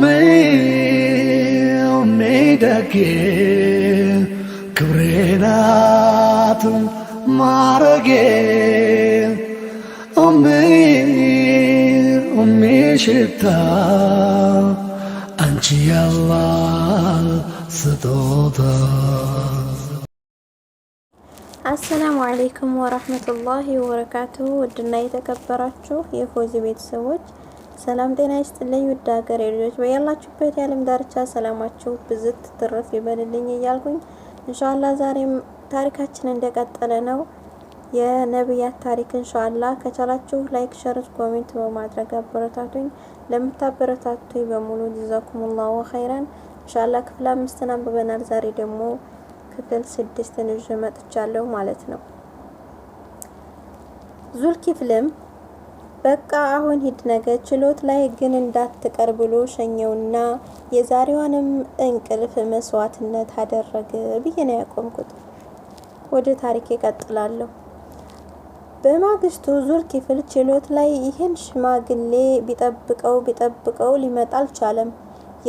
me, omega que ክብሬናት ማረጌ ኦሜ ኦሜ ሽታ አንቺ ያላ ስጦታ። አሰላሙ አለይኩም ወራህመቱላሂ ወበረካቱሁ። ውድና የተከበራችሁ የፎዚ ቤተሰቦች ሰላም ጤና ይስጥልኝ ውድ ሀገሬ ልጆች በያላችሁበት የዓለም ዳርቻ ሰላማችሁ ብዝት ትርፍ ይበልልኝ እያልኩኝ እንሻላ ዛሬም ታሪካችን እንደቀጠለ ነው። የነቢያት ታሪክ እንሻላ ከቻላችሁ ላይክ፣ ሸርት፣ ኮሜንት በማድረግ አበረታቱኝ። ለምታበረታቱኝ በሙሉ ጀዛኩሙላሁ ኸይረን። እንሻላ ክፍል አምስትን አንብበናል። ዛሬ ደግሞ ክፍል ስድስትን ይዤ መጥቻለሁ ማለት ነው። ዙልኪፍልም በቃ አሁን ሂድ ነገ ችሎት ላይ ግን እንዳትቀር ብሎ ሸኘውና የዛሬዋንም እንቅልፍ መስዋዕትነት አደረገ ብዬ ነው ያቆምኩት። ወደ ታሪክ ይቀጥላለሁ። በማግስቱ ዙር ክፍል ችሎት ላይ ይህን ሽማግሌ ቢጠብቀው ቢጠብቀው ሊመጣ አልቻለም።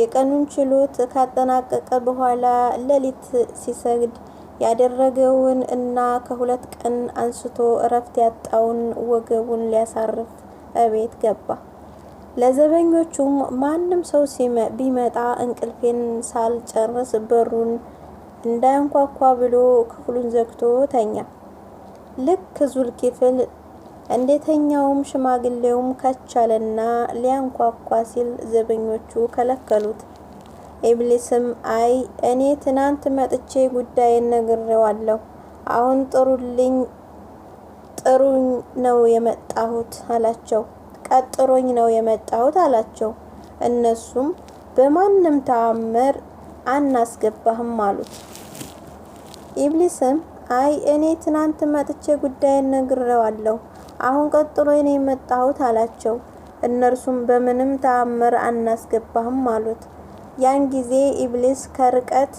የቀኑን ችሎት ካጠናቀቀ በኋላ ሌሊት ሲሰግድ ያደረገውን እና ከሁለት ቀን አንስቶ እረፍት ያጣውን ወገቡን ሊያሳርፍ እቤት ገባ። ለዘበኞቹም ማንም ሰው ቢመጣ እንቅልፌን ሳልጨርስ በሩን እንዳያንኳኳ ብሎ ክፍሉን ዘግቶ ተኛ። ልክ ዙል ክፍል እንደተኛውም ሽማግሌውም ከቻለና ሊያንኳኳ ሲል ዘበኞቹ ከለከሉት። ኢብሊስም አይ እኔ ትናንት መጥቼ ጉዳይን ነግሬዋለሁ፣ አሁን ጥሩልኝ ቀጥሩኝ ነው የመጣሁት አላቸው። ቀጥሮኝ ነው የመጣሁት አላቸው። እነሱም በማንም ተአምር አናስገባህም አሉት። ኢብሊስም አይ እኔ ትናንት መጥቼ ጉዳይን ነግረዋለሁ፣ አሁን ቀጥሮኝ ነው የመጣሁት አላቸው። እነርሱም በምንም ተአምር አናስገባህም አሉት። ያን ጊዜ ኢብሊስ ከርቀት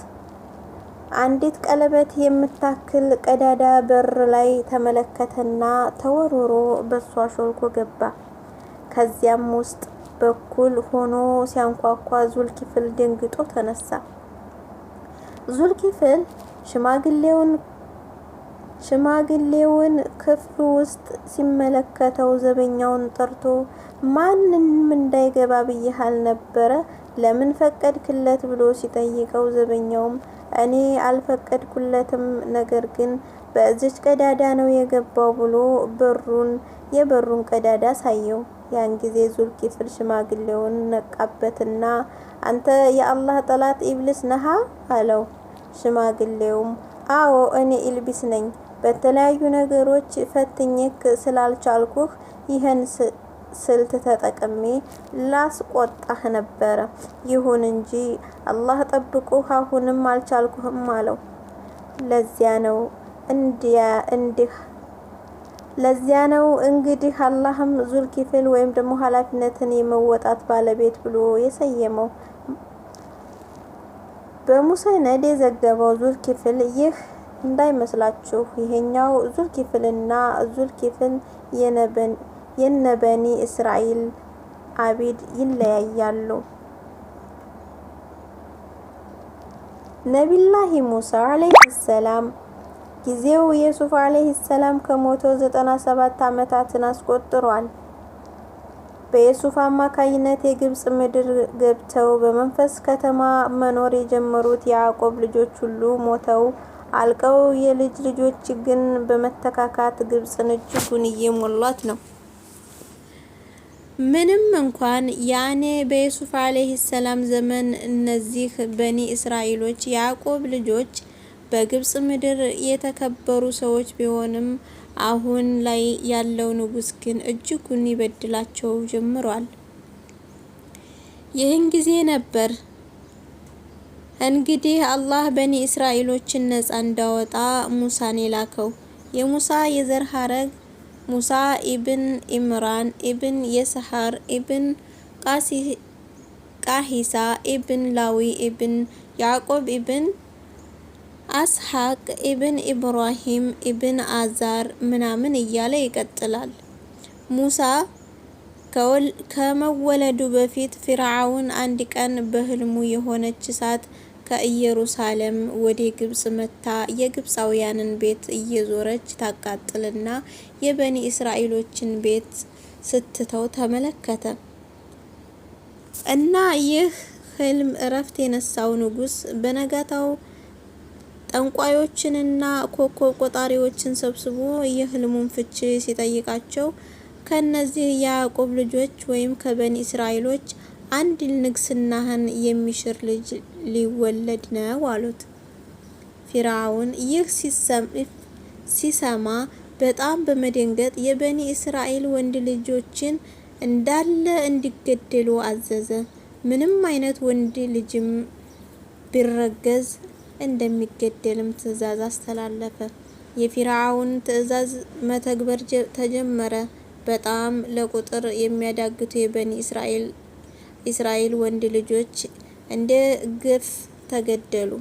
አንዲት ቀለበት የምታክል ቀዳዳ በር ላይ ተመለከተና ተወርውሮ በሷ ሾልኮ ገባ። ከዚያም ውስጥ በኩል ሆኖ ሲያንኳኳ ዙልኪፍል ደንግጦ ተነሳ። ዙልኪፍል ሽማግሌውን ሽማግሌውን ክፍሉ ውስጥ ሲመለከተው ዘበኛውን ጠርቶ ማንንም እንዳይገባ ብያህል ነበረ ለምን ፈቀድክለት ብሎ ሲጠይቀው ዘበኛውም እኔ አልፈቀድኩለትም፣ ነገር ግን በዚች ቀዳዳ ነው የገባው ብሎ በሩን የበሩን ቀዳዳ ሳየው። ያን ጊዜ ዙልኪፍል ሽማግሌውን ነቃበትና አንተ የአላህ ጠላት ኢብሊስ ነሃ አለው። ሽማግሌውም አዎ እኔ ኢብሊስ ነኝ፣ በተለያዩ ነገሮች ፈትኜክ ስላልቻልኩህ ይህን ስልት ተጠቅሜ ላስቆጣህ ነበረ። ይሁን እንጂ አላህ ጠብቁህ፣ አሁንም አልቻልኩህም አለው። ለዚያ ነው እንዲያ እንዲህ ለዚያ ነው እንግዲህ አላህም ዙል ዙልኪፍል ወይም ደግሞ ኃላፊነትን የመወጣት ባለቤት ብሎ የሰየመው። በሙሰነድ የዘገበው ዙል ዙልኪፍል ይህ እንዳይመስላችሁ ይሄኛው ዙል ዙል ዙልኪፍል የነብን የነ በኒ እስራኤል አቢድ ይለያያሉ። ነቢላሂ ሙሳ አለይሂ ሰላም ጊዜው ዩሱፍ አለይሂ ሰላም ከሞተ 97 ዓመታትን አስቆጥሯል። በዩሱፍ አማካይነት የግብጽ ምድር ገብተው በመንፈስ ከተማ መኖር የጀመሩት ያዕቆብ ልጆች ሁሉ ሞተው አልቀው የልጅ ልጆች ግን በመተካካት ግብጽን እጅጉን እየሞሏት ነው። ምንም እንኳን ያኔ በዩሱፍ አለይሂ ሰላም ዘመን እነዚህ በኒ እስራኤሎች ያዕቆብ ልጆች በግብጽ ምድር የተከበሩ ሰዎች ቢሆንም አሁን ላይ ያለው ንጉስ ግን እጅጉን ይበድላቸው ጀምሯል። ይህን ጊዜ ነበር እንግዲህ አላህ በኒ እስራኤሎችን ነፃ እንዳወጣ ሙሳን የላከው። የሙሳ የዘር ሀረግ ሙሳ ኢብን ኢምራን ኢብን የስሐር ኢብን ቃሂሳ ኢብን ላዊ ኢብን ያዕቆብ ኢብን አስሐቅ ኢብን ኢብራሂም ኢብን አዛር ምናምን እያለ ይቀጥላል። ሙሳ ከመወለዱ በፊት ፊርዓውን አንድ ቀን በህልሙ የሆነች እሳት ከኢየሩሳሌም ወደ ግብጽ መታ የግብፃውያንን ቤት እየዞረች ታቃጥልና የበኒ እስራኤሎችን ቤት ስትተው ተመለከተ እና ይህ ህልም እረፍት የነሳው ንጉስ በነጋታው ጠንቋዮችንና ኮከብ ቆጣሪዎችን ሰብስቦ የህልሙን ፍቺ ሲጠይቃቸው ከነዚህ የያዕቆብ ልጆች ወይም ከበኒ እስራኤሎች አንድ ንግስናህን የሚሽር ልጅ ሊወለድ ነው አሉት። ፊርዓውን ይህ ሲሰማ በጣም በመደንገጥ የበኒ እስራኤል ወንድ ልጆችን እንዳለ እንዲገደሉ አዘዘ። ምንም አይነት ወንድ ልጅም ቢረገዝ እንደሚገደልም ትዕዛዝ አስተላለፈ። የፊርዓውን ትዕዛዝ መተግበር ተጀመረ። በጣም ለቁጥር የሚያዳግቱ የበኒ እስራኤል ኢስራኤል ወንድ ልጆች እንደ ግፍ ተገደሉ።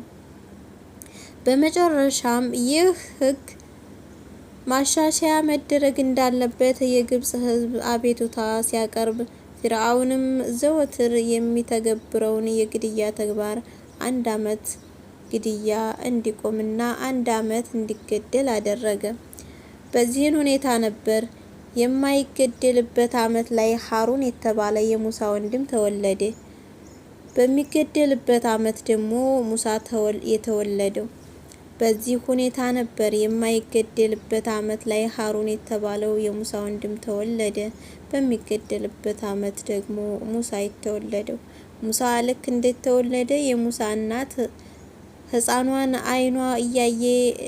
በመጨረሻም ይህ ህግ ማሻሻያ መደረግ እንዳለበት የግብጽ ህዝብ አቤቱታ ሲያቀርብ ፊርአውንም ዘወትር የሚተገብረውን የግድያ ተግባር አንድ አመት ግድያ እንዲቆምና አንድ አመት እንዲገደል አደረገ። በዚህን ሁኔታ ነበር የማይገደልበት አመት ላይ ሀሩን የተባለ የሙሳ ወንድም ተወለደ። በሚገደልበት አመት ደግሞ ሙሳ የተወለደው። በዚህ ሁኔታ ነበር። የማይገደልበት አመት ላይ ሀሩን የተባለው የሙሳ ወንድም ተወለደ። በሚገደልበት አመት ደግሞ ሙሳ የተወለደው። ሙሳ ልክ እንደተወለደ የሙሳ እናት ህፃኗን አይኗ እያየ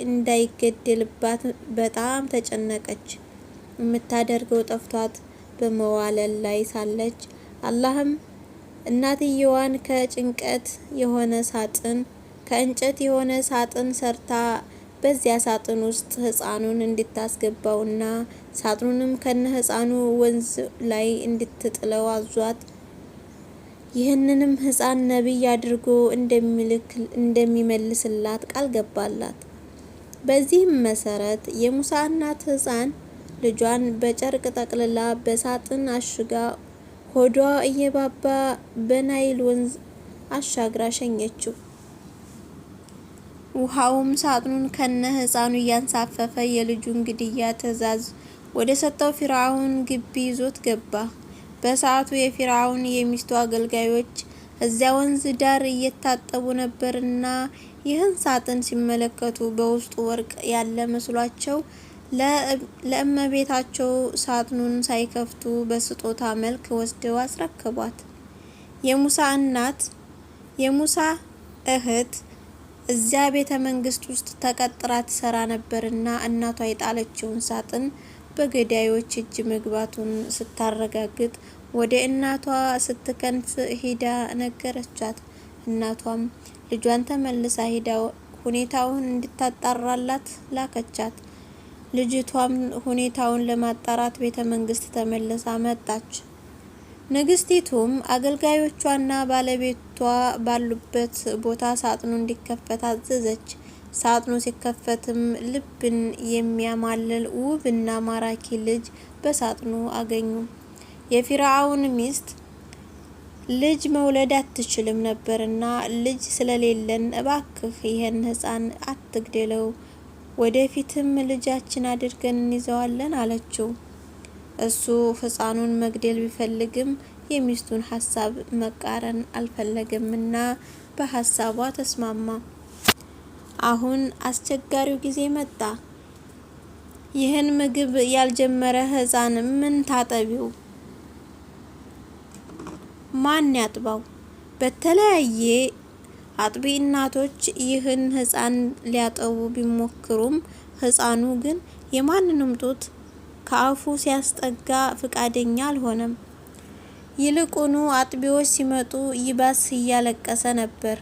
እንዳይገደልባት በጣም ተጨነቀች። የምታደርገው ጠፍቷት በመዋለል ላይ ሳለች አላህም እናትየዋን ከጭንቀት የሆነ ሳጥን ከእንጨት የሆነ ሳጥን ሰርታ በዚያ ሳጥን ውስጥ ህፃኑን እንድታስገባውና ሳጥኑንም ከነ ህፃኑ ወንዝ ላይ እንድትጥለው አዟት ይህንንም ህፃን ነቢይ አድርጎ እንደሚልክ እንደሚመልስላት ቃል ገባላት። በዚህም መሰረት የሙሳ እናት ህፃን ልጇን በጨርቅ ጠቅልላ በሳጥን አሽጋ ሆዷ እየባባ በናይል ወንዝ አሻግራ ሸኘችው። ውሃውም ሳጥኑን ከነ ሕፃኑ እያንሳፈፈ የልጁን ግድያ ትዕዛዝ ወደ ሰጠው ፊርዓውን ግቢ ይዞት ገባ። በሰዓቱ የፊርዓውን የሚስቱ አገልጋዮች እዚያ ወንዝ ዳር እየታጠቡ ነበርና ይህን ሳጥን ሲመለከቱ በውስጡ ወርቅ ያለ መስሏቸው ለእመቤታቸው ሳጥኑን ሳይከፍቱ በስጦታ መልክ ወስደው አስረከቧት። የሙሳ እናት የሙሳ እህት እዚያ ቤተ መንግስት ውስጥ ተቀጥራ ትሰራ ነበርና እናቷ የጣለችውን ሳጥን በገዳዮች እጅ መግባቱን ስታረጋግጥ ወደ እናቷ ስትከንፍ ሂዳ ነገረቻት። እናቷም ልጇን ተመልሳ ሂዳ ሁኔታውን እንድታጣራላት ላከቻት። ልጅቷም ሁኔታውን ለማጣራት ቤተ መንግስት ተመልሳ መጣች። ንግስቲቱም አገልጋዮቿና ባለቤቷ ባሉበት ቦታ ሳጥኑ እንዲከፈት አዘዘች። ሳጥኑ ሲከፈትም ልብን የሚያማልል ውብና ማራኪ ልጅ በሳጥኑ አገኙ። የፊርዓውን ሚስት ልጅ መውለድ አትችልም ነበርና ልጅ ስለሌለን እባክህ ይህን ህፃን አትግደለው ወደፊትም ልጃችን አድርገን እንይዘዋለን አለችው። እሱ ህፃኑን መግደል ቢፈልግም የሚስቱን ሀሳብ መቃረን አልፈለገምና በሀሳቧ ተስማማ። አሁን አስቸጋሪው ጊዜ መጣ። ይህን ምግብ ያልጀመረ ህፃን ምን ታጠቢው? ማን ያጥባው? በተለያየ አጥቢ እናቶች ይህን ህፃን ሊያጠቡ ቢሞክሩም ህፃኑ ግን የማንንም ጡት ከአፉ ሲያስጠጋ ፍቃደኛ አልሆነም። ይልቁኑ አጥቢዎች ሲመጡ ይባስ እያለቀሰ ነበር።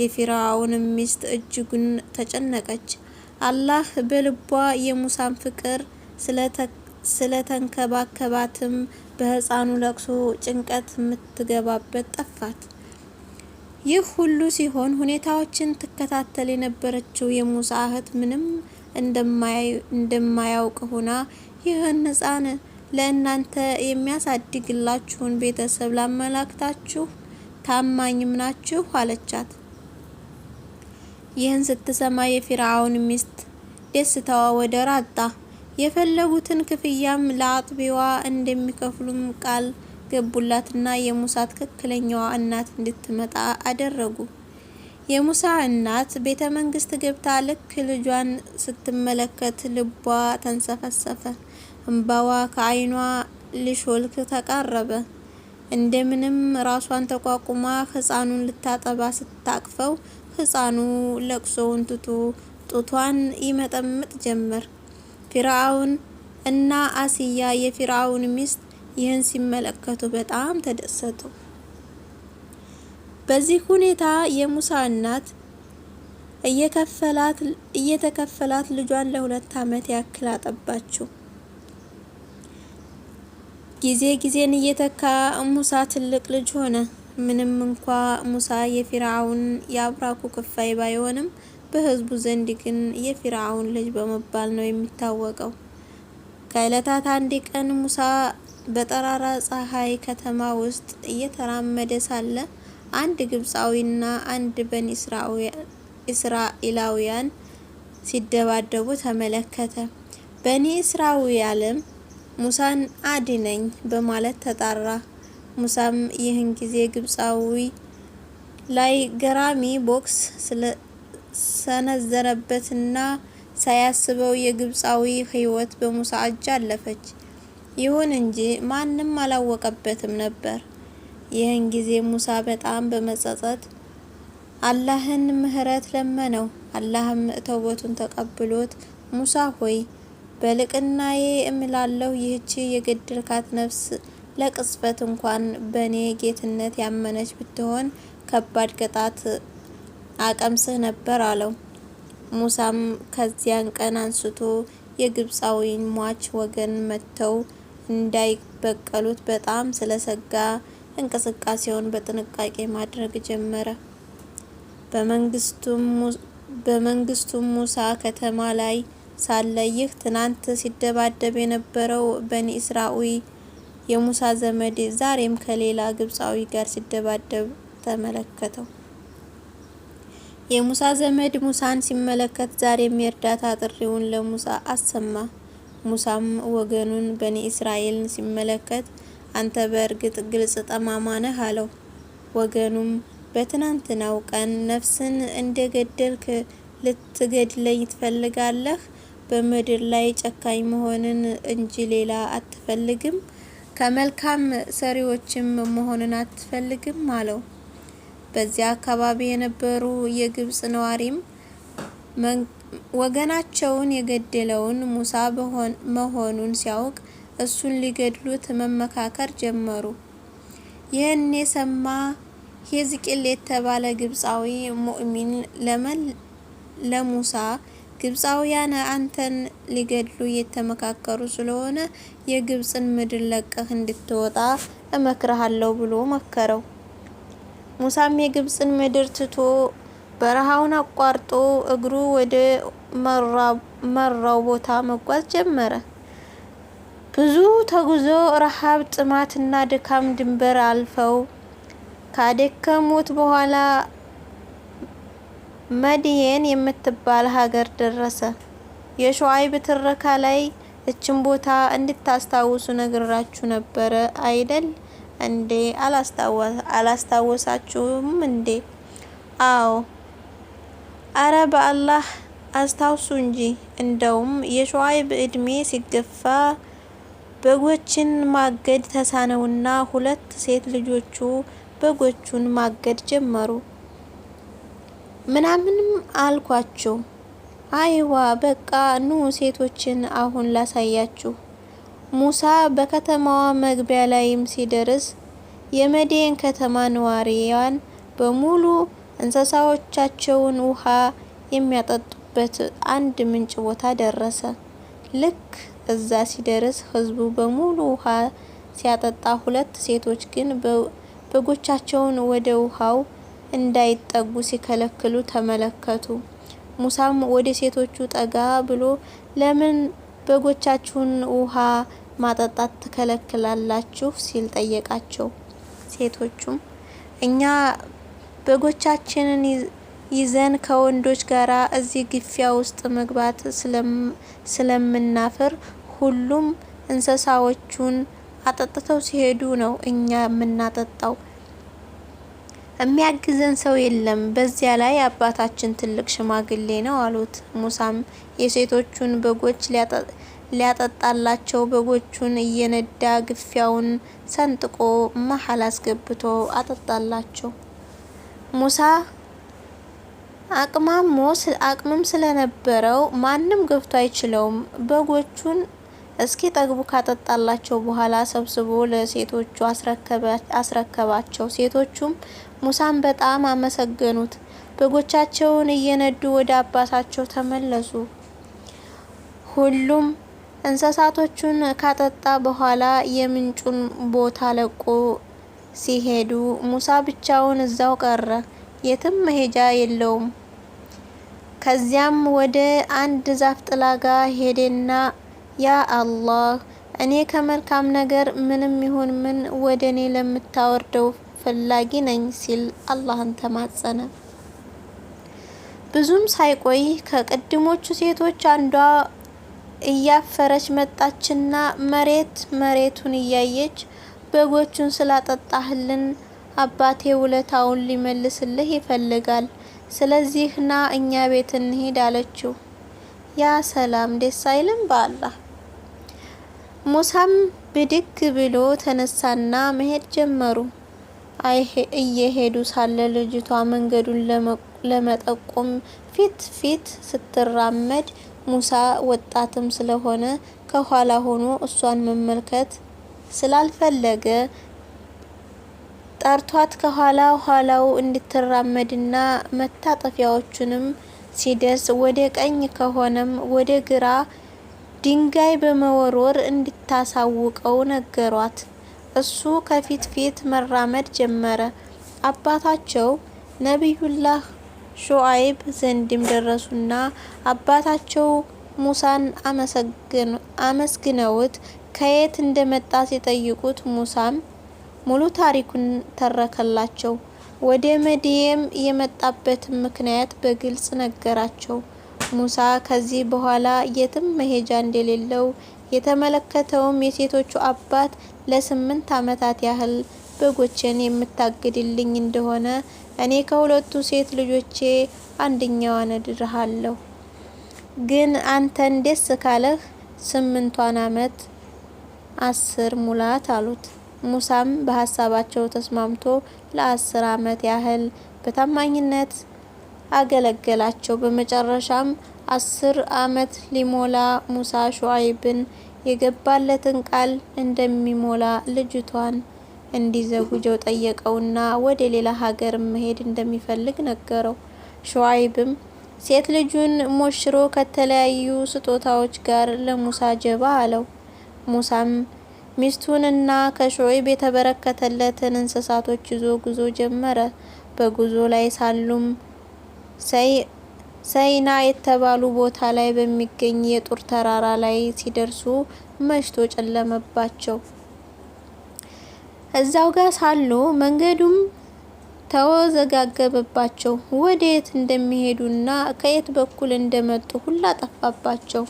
የፊራውንም ሚስት እጅጉን ተጨነቀች። አላህ በልቧ የሙሳን ፍቅር ስለተንከባከባትም በህፃኑ ለቅሶ ጭንቀት የምትገባበት ጠፋት። ይህ ሁሉ ሲሆን ሁኔታዎችን ትከታተል የነበረችው የሙሳ እህት ምንም እንደማያውቅ ሆና ይህን ህፃን ለእናንተ የሚያሳድግላችሁን ቤተሰብ ላመላክታችሁ ታማኝም ናችሁ አለቻት። ይህን ስትሰማ የፊርዓውን ሚስት ደስታዋ ወደር አጣ። የፈለጉትን ክፍያም ለአጥቢዋ እንደሚከፍሉም ቃል ገቡላትና የሙሳ ትክክለኛዋ እናት እንድትመጣ አደረጉ። የሙሳ እናት ቤተ መንግስት ገብታ ልክ ልጇን ስትመለከት ልቧ ተንሰፈሰፈ። እንባዋ ከአይኗ ሊሾልክ ተቃረበ። እንደምንም ራሷን ተቋቁማ ህፃኑን ልታጠባ ስታቅፈው ህፃኑ ለቅሶውን ትቶ ጡቷን ይመጠምጥ ጀመር። ፊርአውን እና አስያ የፊርአውን ሚስት ይህን ሲመለከቱ በጣም ተደሰቱ። በዚህ ሁኔታ የሙሳ እናት እየተከፈላት ልጇን ለሁለት አመት ያክል አጠባችው። ጊዜ ጊዜን እየተካ ሙሳ ትልቅ ልጅ ሆነ። ምንም እንኳ ሙሳ የፊርዓውን የአብራኩ ክፋይ ባይሆንም በህዝቡ ዘንድ ግን የፊርዓውን ልጅ በመባል ነው የሚታወቀው። ከእለታት አንድ ቀን ሙሳ በጠራራ ፀሐይ ከተማ ውስጥ እየተራመደ ሳለ አንድ ግብፃዊና አንድ በኒ እስራኤላውያን ሲደባደቡ ተመለከተ። በኒ እስራኤልም ሙሳን አድነኝ በማለት ተጣራ። ሙሳም ይህን ጊዜ ግብፃዊ ላይ ገራሚ ቦክስ ሰነዘረበትና ሳያስበው የግብፃዊ ሕይወት በሙሳ እጅ አለፈች። ይሁን እንጂ ማንም አላወቀበትም ነበር። ይህን ጊዜ ሙሳ በጣም በመጸጸት አላህን ምህረት ለመነው። አላህም ተውበቱን ተቀብሎት ሙሳ ሆይ በልቅናዬ እምላለሁ ይህች የገደልካት ነፍስ ለቅጽበት እንኳን በእኔ ጌትነት ያመነች ብትሆን ከባድ ቅጣት አቀምስህ ነበር አለው። ሙሳም ከዚያን ቀን አንስቶ የግብፃዊን ሟች ወገን መጥተው እንዳይበቀሉት በጣም ስለሰጋ እንቅስቃሴውን በጥንቃቄ ማድረግ ጀመረ። በመንግስቱም ሙሳ ከተማ ላይ ሳለ ይህ ትናንት ሲደባደብ የነበረው በኒ እስራኤል የሙሳ ዘመድ ዛሬም ከሌላ ግብፃዊ ጋር ሲደባደብ ተመለከተው። የሙሳ ዘመድ ሙሳን ሲመለከት ዛሬም የእርዳታ ጥሪውን ለሙሳ አሰማ። ሙሳም ወገኑን በኒ እስራኤል ሲመለከት አንተ በእርግጥ ግልጽ ጠማማ ነህ አለው። ወገኑም በትናንትናው ቀን ነፍስን እንደ ገደልክ ልትገድለኝ ትፈልጋለህ? በምድር ላይ ጨካኝ መሆንን እንጂ ሌላ አትፈልግም? ከመልካም ሰሪዎችም መሆንን አትፈልግም አለው። በዚያ አካባቢ የነበሩ የግብጽ ነዋሪም ወገናቸውን የገደለውን ሙሳ መሆኑን ሲያውቅ እሱን ሊገድሉት መመካከር ጀመሩ። ይህን የሰማ ሄዝቅኤል የተባለ ግብፃዊ ሙእሚን ለመን ለሙሳ ግብፃውያን አንተን ሊገድሉ እየተመካከሩ ስለሆነ የግብፅን ምድር ለቀህ እንድትወጣ እመክረሃለሁ ብሎ መከረው። ሙሳም የግብፅን ምድር ትቶ በረሃውን አቋርጦ እግሩ ወደ መራው ቦታ መጓዝ ጀመረ። ብዙ ተጉዞ ረሃብ፣ ጥማትና ድካም ድንበር አልፈው ካደከሙት በኋላ መድየን የምትባል ሀገር ደረሰ። የሸዋይብ ትረካ ላይ እችን ቦታ እንድታስታውሱ ነግራችሁ ነበረ አይደል እንዴ? አላስታወሳችሁም እንዴ? አዎ አረ በአላህ አስታውሱ እንጂ እንደውም የሸዋይብ እድሜ ሲገፋ በጎችን ማገድ ተሳነውና ሁለት ሴት ልጆቹ በጎቹን ማገድ ጀመሩ። ምናምንም አልኳቸው። አይዋ በቃ ኑ ሴቶችን አሁን ላሳያችሁ። ሙሳ በከተማዋ መግቢያ ላይም ሲደርስ የመዲን ከተማ ነዋሪዋን በሙሉ እንስሳዎቻቸውን ውሃ የሚያጠጡበት አንድ ምንጭ ቦታ ደረሰ። ልክ እዛ ሲደርስ ህዝቡ በሙሉ ውሃ ሲያጠጣ፣ ሁለት ሴቶች ግን በጎቻቸውን ወደ ውሃው እንዳይጠጉ ሲከለክሉ ተመለከቱ። ሙሳም ወደ ሴቶቹ ጠጋ ብሎ ለምን በጎቻችሁን ውሃ ማጠጣት ትከለክላላችሁ? ሲል ጠየቃቸው። ሴቶቹም እኛ በጎቻችንን ይዘን ከወንዶች ጋር እዚህ ግፊያ ውስጥ መግባት ስለምናፍር ሁሉም እንስሳዎቹን አጠጥተው ሲሄዱ ነው እኛ የምናጠጣው። የሚያግዘን ሰው የለም። በዚያ ላይ አባታችን ትልቅ ሽማግሌ ነው አሉት። ሙሳም የሴቶቹን በጎች ሊያጠጣላቸው በጎቹን እየነዳ ግፊያውን ሰንጥቆ መሀል አስገብቶ አጠጣላቸው። ሙሳ አቅማሞ አቅምም ስለነበረው ማንም ገብቶ አይችለውም። በጎቹን እስኪ ጠግቡ ካጠጣላቸው በኋላ ሰብስቦ ለሴቶቹ አስረከባቸው። ሴቶቹም ሙሳን በጣም አመሰገኑት። በጎቻቸውን እየነዱ ወደ አባታቸው ተመለሱ። ሁሉም እንስሳቶቹን ካጠጣ በኋላ የምንጩን ቦታ ለቆ ሲሄዱ ሙሳ ብቻውን እዛው ቀረ። የትም መሄጃ የለውም። ከዚያም ወደ አንድ ዛፍ ጥላ ጋ ሄደና ያ አላህ እኔ ከመልካም ነገር ምንም ይሁን ምን ወደ እኔ ለምታወርደው ፈላጊ ነኝ ሲል አላህን ተማጸነ። ብዙም ሳይቆይ ከቅድሞቹ ሴቶች አንዷ እያፈረች መጣችና መሬት መሬቱን እያየች በጎቹን ስላጠጣህልን አባቴ ውለታውን ሊመልስልህ ይፈልጋል። ስለዚህ ና እኛ ቤት እንሂድ አለችው። ያ ሰላም ደስ አይልም በአላ ሙሳም ብድግ ብሎ ተነሳና መሄድ ጀመሩ። እየሄዱ ሳለ ልጅቷ መንገዱን ለመጠቆም ፊት ፊት ስትራመድ ሙሳ ወጣትም ስለሆነ ከኋላ ሆኖ እሷን መመልከት ስላልፈለገ ጠርቷት ከኋላ ኋላው እንድትራመድና መታጠፊያዎቹንም ሲደርስ ወደ ቀኝ ከሆነም ወደ ግራ ድንጋይ በመወርወር እንድታሳውቀው ነገሯት። እሱ ከፊት ፊት መራመድ ጀመረ። አባታቸው ነቢዩላህ ሹዓይብ ዘንድም ደረሱና አባታቸው ሙሳን አመስግነውት ከየት እንደመጣ ሲጠይቁት ሙሳም ሙሉ ታሪኩን ተረከላቸው። ወደ መድየም የመጣበትን ምክንያት በግልጽ ነገራቸው። ሙሳ ከዚህ በኋላ የትም መሄጃ እንደሌለው የተመለከተውም የሴቶቹ አባት ለስምንት ዓመታት ያህል በጎችን የምታግድልኝ እንደሆነ እኔ ከሁለቱ ሴት ልጆቼ አንደኛዋን እድርሃለሁ፣ ግን አንተን ደስ ካለህ ስምንቷን ዓመት አስር ሙላት አሉት። ሙሳም በሀሳባቸው ተስማምቶ ለአስር ዓመት ያህል በታማኝነት አገለገላቸው። በመጨረሻም አስር አመት ሊሞላ ሙሳ ሹአይብን የገባለትን ቃል እንደሚሞላ ልጅቷን እንዲዘጉጀው ጠየቀውና ወደ ሌላ ሀገር መሄድ እንደሚፈልግ ነገረው። ሹአይብም ሴት ልጁን ሞሽሮ ከተለያዩ ስጦታዎች ጋር ለሙሳ ጀባ አለው። ሙሳም ሚስቱንና ከሾይብ የተበረከተለትን እንስሳቶች ይዞ ጉዞ ጀመረ። በጉዞ ላይ ሳሉም ሰይና የተባሉ ቦታ ላይ በሚገኝ የጡር ተራራ ላይ ሲደርሱ መሽቶ ጨለመባቸው። እዛው ጋር ሳሉ መንገዱም ተወዘጋገበባቸው። ወዴት እንደሚሄዱና ከየት በኩል እንደመጡ ሁላ ጠፋባቸው።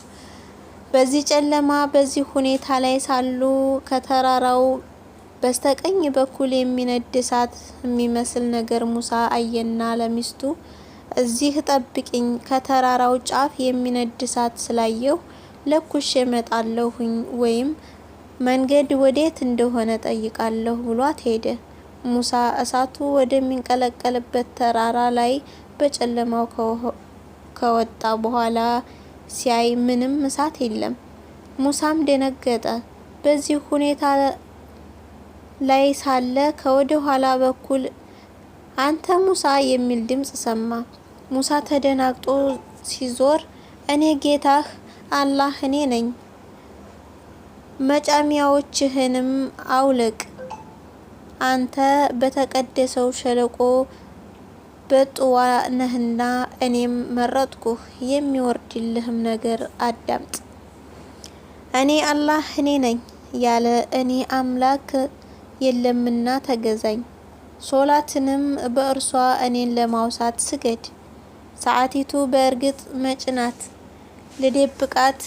በዚህ ጨለማ በዚህ ሁኔታ ላይ ሳሉ ከተራራው በስተቀኝ በኩል የሚነድ እሳት የሚመስል ነገር ሙሳ አየና ለሚስቱ እዚህ ጠብቂኝ፣ ከተራራው ጫፍ የሚነድ እሳት ስላየሁ ለኩሽ እመጣለሁኝ ወይም መንገድ ወዴት እንደሆነ ጠይቃለሁ ብሏት ሄደ። ሙሳ እሳቱ ወደሚንቀለቀልበት ተራራ ላይ በጨለማው ከወጣ በኋላ ሲያይ ምንም እሳት የለም። ሙሳም ደነገጠ። በዚህ ሁኔታ ላይ ሳለ ከወደ ኋላ በኩል አንተ ሙሳ የሚል ድምፅ ሰማ። ሙሳ ተደናግጦ ሲዞር እኔ ጌታህ አላህ እኔ ነኝ፣ መጫሚያዎችህንም አውልቅ፣ አንተ በተቀደሰው ሸለቆ በጥዋ እኔም መረጥኩህ፣ የሚወርድልህም ነገር አዳምጥ። እኔ አላህ እኔ ነኝ ያለ እኔ አምላክ የለምና ተገዛኝ። ሶላትንም በእርሷ እኔን ለማውሳት ስገድ። ሰዓቲቱ በእርግጥ መጭናት ልደብቃት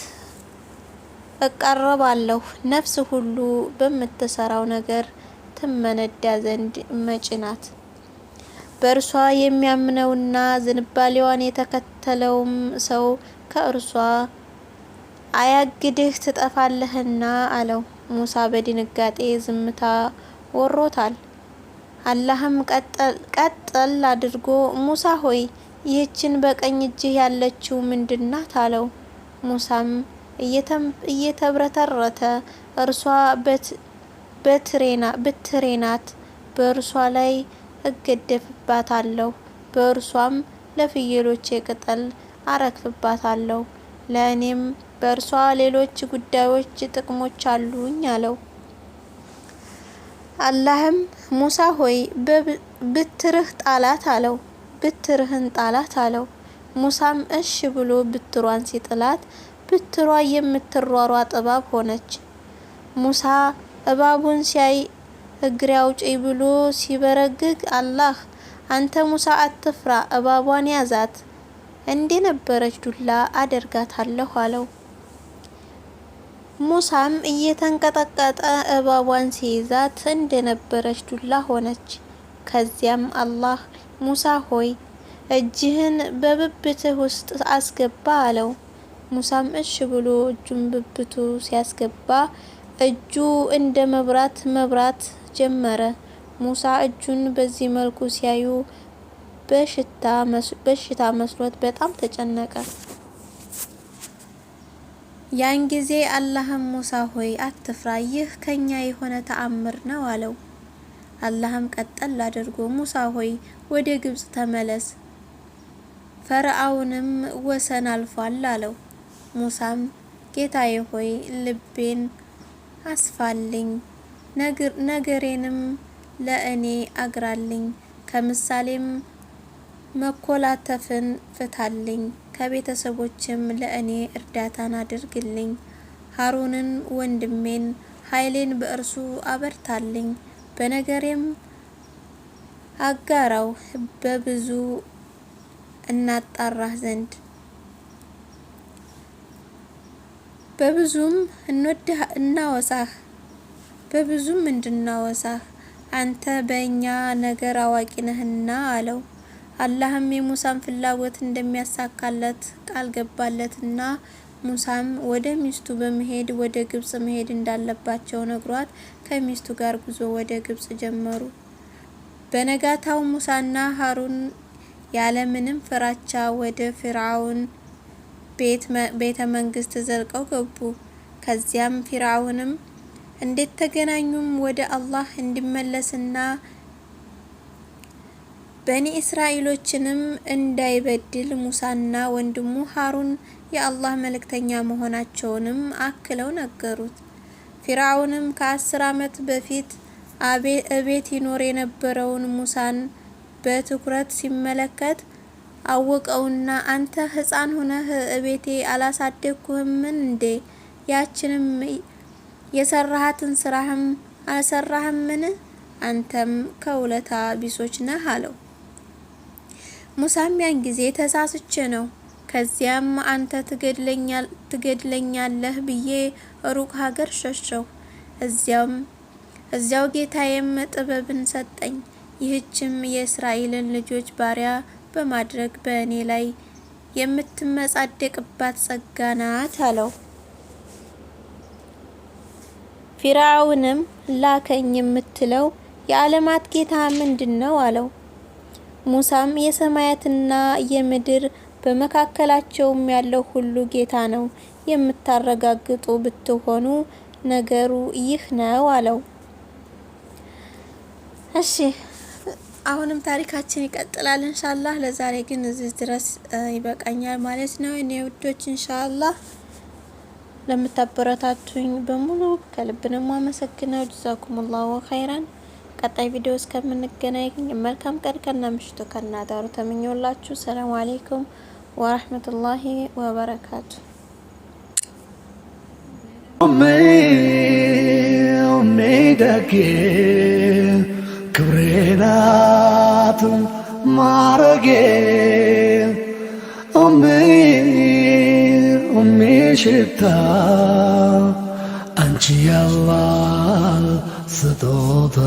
እቃረባለሁ። ነፍስ ሁሉ በምትሰራው ነገር ትመነዳ ዘንድ መጭናት በእርሷ የሚያምነውና ዝንባሌዋን የተከተለውም ሰው ከእርሷ አያግድህ ትጠፋለህና አለው። ሙሳ በድንጋጤ ዝምታ ወሮታል። አላህም ቀጠል አድርጎ ሙሳ ሆይ ይህችን በቀኝ እጅህ ያለችው ምንድናት? አለው። ሙሳም እየተብረተረተ እርሷ በትሬናት በእርሷ ላይ እገደፍባታለሁ፣ በእርሷም ለፍየሎች ቅጠል አረግፍባታለሁ፣ ለእኔም በእርሷ ሌሎች ጉዳዮች ጥቅሞች አሉኝ አለው። አላህም ሙሳ ሆይ ብትርህ ጣላት አለው። ብትርህን ጣላት አለው። ሙሳም እሺ ብሎ ብትሯን ሲጥላት ብትሯ የምትሯሯጥ እባብ ሆነች። ሙሳ እባቡን ሲያይ እግሬ አውጪ ብሎ ሲበረግግ አላህ አንተ ሙሳ አትፍራ፣ እባቧን ያዛት እንዴ ነበረች ዱላ አደርጋታለሁ አለው። ሙሳም እየተንቀጠቀጠ እባቧን ሲይዛት እንደ ነበረች ዱላ ሆነች። ከዚያም አላህ ሙሳ ሆይ እጅህን በብብትህ ውስጥ አስገባ አለው። ሙሳም እሽ ብሎ እጁን ብብቱ ሲያስገባ እጁ እንደ መብራት መብራት ጀመረ። ሙሳ እጁን በዚህ መልኩ ሲያዩ በሽታ መስሎት በጣም ተጨነቀ። ያን ጊዜ አላህም ሙሳ ሆይ አትፍራ፣ ይህ ከኛ የሆነ ተአምር ነው አለው። አላህም ቀጠል አድርጎ ሙሳ ሆይ ወደ ግብጽ ተመለስ፣ ፈርአውንም ወሰን አልፏል አለው። ሙሳም ጌታዬ ሆይ ልቤን አስፋልኝ ነገሬንም ለእኔ አግራልኝ፣ ከምሳሌም መኮላተፍን ፍታልኝ፣ ከቤተሰቦችም ለእኔ እርዳታን አድርግልኝ። ሀሩንን ወንድሜን ኃይሌን በእርሱ አበርታልኝ፣ በነገሬም አጋራው በብዙ እናጣራህ ዘንድ በብዙም እናወሳህ በብዙ እንድናወሳህ አንተ በእኛ ነገር አዋቂ ነህና አለው። አላህም የሙሳን ፍላጎት እንደሚያሳካለት ቃል ገባለትና ሙሳም ወደ ሚስቱ በመሄድ ወደ ግብጽ መሄድ እንዳለባቸው ነግሯት ከሚስቱ ጋር ጉዞ ወደ ግብጽ ጀመሩ። በነጋታው ሙሳና ሀሩን ያለምንም ፍራቻ ወደ ፍርዓውን ቤተ መንግስት ዘልቀው ገቡ። ከዚያም ፊርዓውንም እንዴት ተገናኙም ወደ አላህ እንዲመለስና በኒ እስራኤሎችንም እንዳይበድል ሙሳና ወንድሙ ሀሩን የአላህ መልእክተኛ መሆናቸውንም አክለው ነገሩት። ፊርዓውንም ከአስር ዓመት በፊት እቤት ይኖር የነበረውን ሙሳን በትኩረት ሲመለከት አወቀውና አንተ ሕፃን ሆነህ እቤቴ አላሳደግኩህምን እንዴ? ያችንም የሰራሃትን ስራህም ምን አንተም ከውለታ ቢሶች ነህ አለው። ሙሳም ያን ጊዜ ተሳስቼ ነው፣ ከዚያም አንተ ትገድለኛለህ ብዬ ሩቅ ሀገር ሸሸሁ። እዚያም እዚያው ጌታዬም ጥበብን ሰጠኝ። ይህችም የእስራኤልን ልጆች ባሪያ በማድረግ በእኔ ላይ የምትመጻደቅባት ጸጋ ናት አለው። ፊርአውንም ላከኝ የምትለው የዓለማት ጌታ ምንድን ነው አለው። ሙሳም የሰማያትና የምድር በመካከላቸውም ያለው ሁሉ ጌታ ነው የምታረጋግጡ ብትሆኑ ነገሩ ይህ ነው አለው። እሺ አሁንም ታሪካችን ይቀጥላል እንሻላህ። ለዛሬ ግን እዚህ ድረስ ይበቃኛል ማለት ነው እኔ ውዶች እንሻላህ ለምታበረታቱኝ በሙሉ ከልብ ነው የማመሰግነው። ጀዛኩሙላሁ ኸይራን። ቀጣይ ቪዲዮ እስከምንገናኝ መልካም ቀን ከና ምሽቶ ከናዳሩ ተመኘውላችሁ። ሰላሙ አሌይኩም ወራህመቱላሂ ወበረካቱ። ሜሜደጌ ክብሬናት ማረጌ የቁሜ ሽታ አንቺ ያላህ ስጦታ